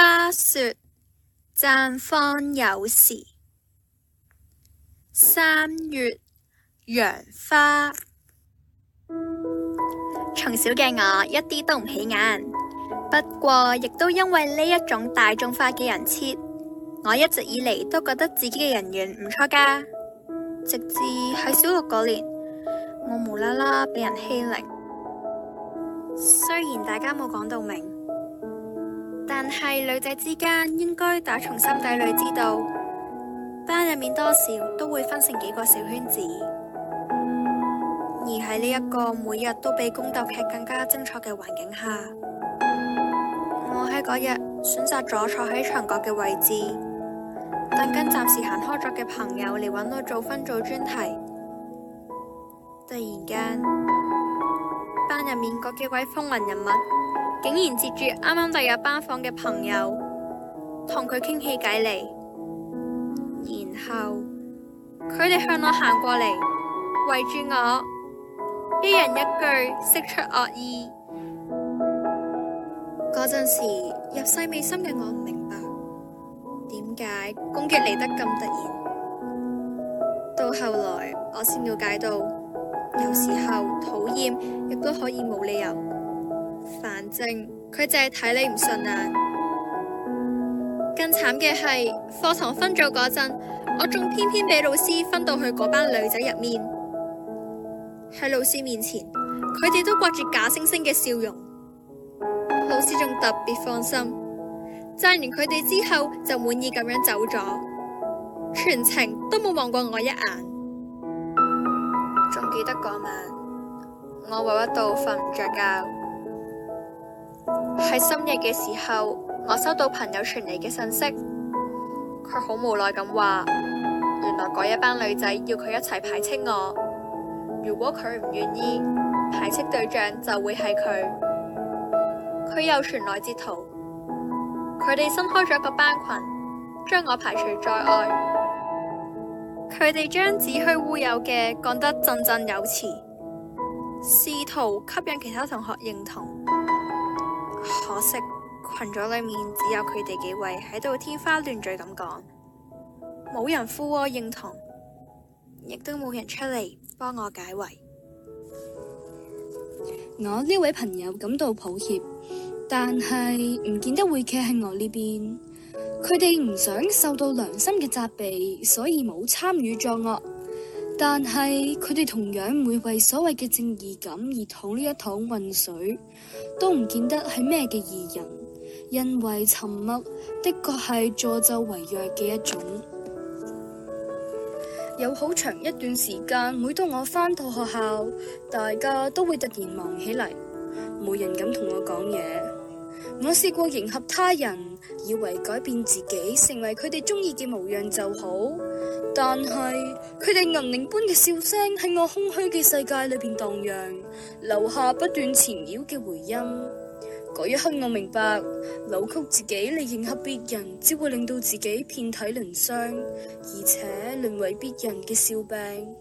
花說綻放有時，三月楊花。從小嘅我一啲都唔起眼，不過亦都因為呢一種大眾化嘅人設，我一直以嚟都覺得自己嘅人緣唔錯噶。直至喺小六嗰年，我無啦啦俾人欺凌，雖然大家冇講到明。但係女仔之間應該打從心底裏知道，班入面多少都會分成幾個小圈子。而喺呢一個每日都比宮鬥劇更加精彩嘅環境下，我喺嗰日選擇咗坐喺牆角嘅位置，等緊暫時行開咗嘅朋友嚟揾我做分組專題。突然間，班入面嗰幾位風雲人物。竟然接住啱啱第日班房嘅朋友，同佢傾起偈嚟，然後佢哋向我行過嚟，圍住我，一人一句，釋出惡意。嗰陣時入世未深嘅我唔明白，點解攻擊嚟得咁突然？到後來我先了解到，有時候討厭亦都可以冇理由。反正佢淨係睇你唔順眼，更慘嘅係課堂分組嗰陣，我仲偏偏俾老師分到去嗰班女仔入面。喺老師面前，佢哋都掛住假惺惺嘅笑容，老師仲特別放心，讚完佢哋之後就滿意咁樣走咗，全程都冇望過我一眼。仲記得嗰晚，我委屈到瞓唔着覺。喺深夜嘅時候，我收到朋友傳嚟嘅信息，佢好無奈咁話：原來嗰一班女仔要佢一齊排斥我，如果佢唔願意，排斥對象就會係佢。佢又傳來截圖，佢哋新開咗一個班群，將我排除在外。佢哋將子虛烏有嘅講得振振有詞，試圖吸引其他同學認同。可惜群組裏面只有佢哋幾位喺度天花亂墜咁講，冇人附和認同，亦都冇人出嚟幫我解圍。我呢位朋友感到抱歉，但係唔見得會企喺我呢邊。佢哋唔想受到良心嘅責備，所以冇參與作惡。但係佢哋同樣會為所謂嘅正義感而淌呢一趟渾水，都唔見得係咩嘅異人，因為沉默的確係助紂為虐嘅一種。 有好長一段時間，每當我返到學校，大家都會突然忙起嚟，冇人敢同我講嘢。我試過迎合他人，以為改變自己成為佢哋鍾意嘅模樣就好。但係佢哋銀鈴般嘅笑聲喺我空虛嘅世界裏邊蕩漾，留下不斷纏繞嘅回音。嗰一刻我明白，扭曲自己嚟迎合別人，只會令到自己遍體鱗傷，而且淪為別人嘅笑柄。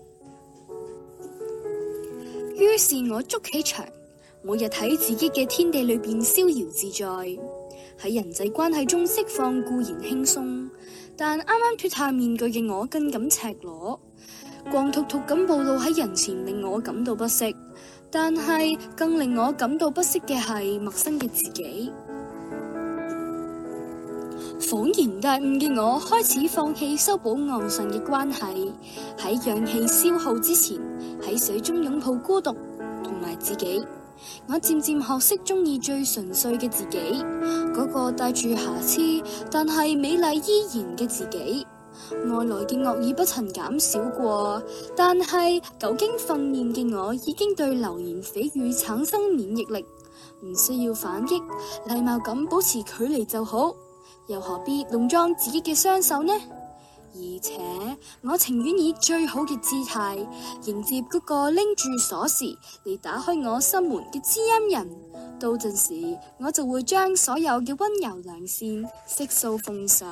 於是我捉起牆。每日喺自己嘅天地裏邊逍遙自在，喺人際關係中釋放固然輕鬆，但啱啱脱下面具嘅我更感赤裸，光禿禿咁暴露喺人前，令我感到不適。但係更令我感到不適嘅係陌生嘅自己。恍然大悟嘅我開始放棄修補岸上嘅關係，喺氧氣消耗之前，喺水中擁抱孤獨同埋自己。我漸漸學識中意最純粹嘅自己，嗰、那個帶住瑕疵但係美麗依然嘅自己。外來嘅惡意不曾減少過，但係久經訓練嘅我已經對流言蜚語產生免疫力，唔需要反擊，禮貌咁保持距離就好，又何必弄髒自己嘅雙手呢？而且我情願以最好嘅姿態迎接嗰個拎住鎖匙嚟打開我心門嘅知音人，到陣時我就會將所有嘅溫柔良善悉數奉上。